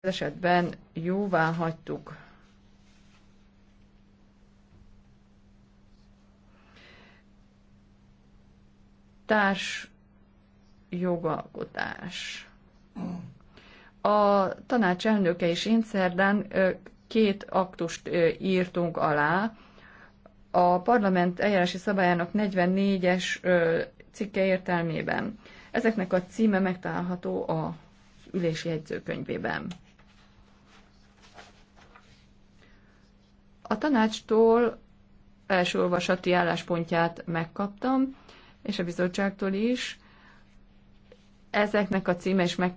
esetben jóvá hagytuk. Társ jogalkotás. A tanács elnöke is én szerdán két aktust írtunk alá. A parlament eljárási szabályának 44-es cikke értelmében. Ezeknek a címe megtalálható a ülési jegyzőkönyvében. A tanácstól első olvasati álláspontját megkaptam, és a bizottságtól is. Ezeknek a címe is meg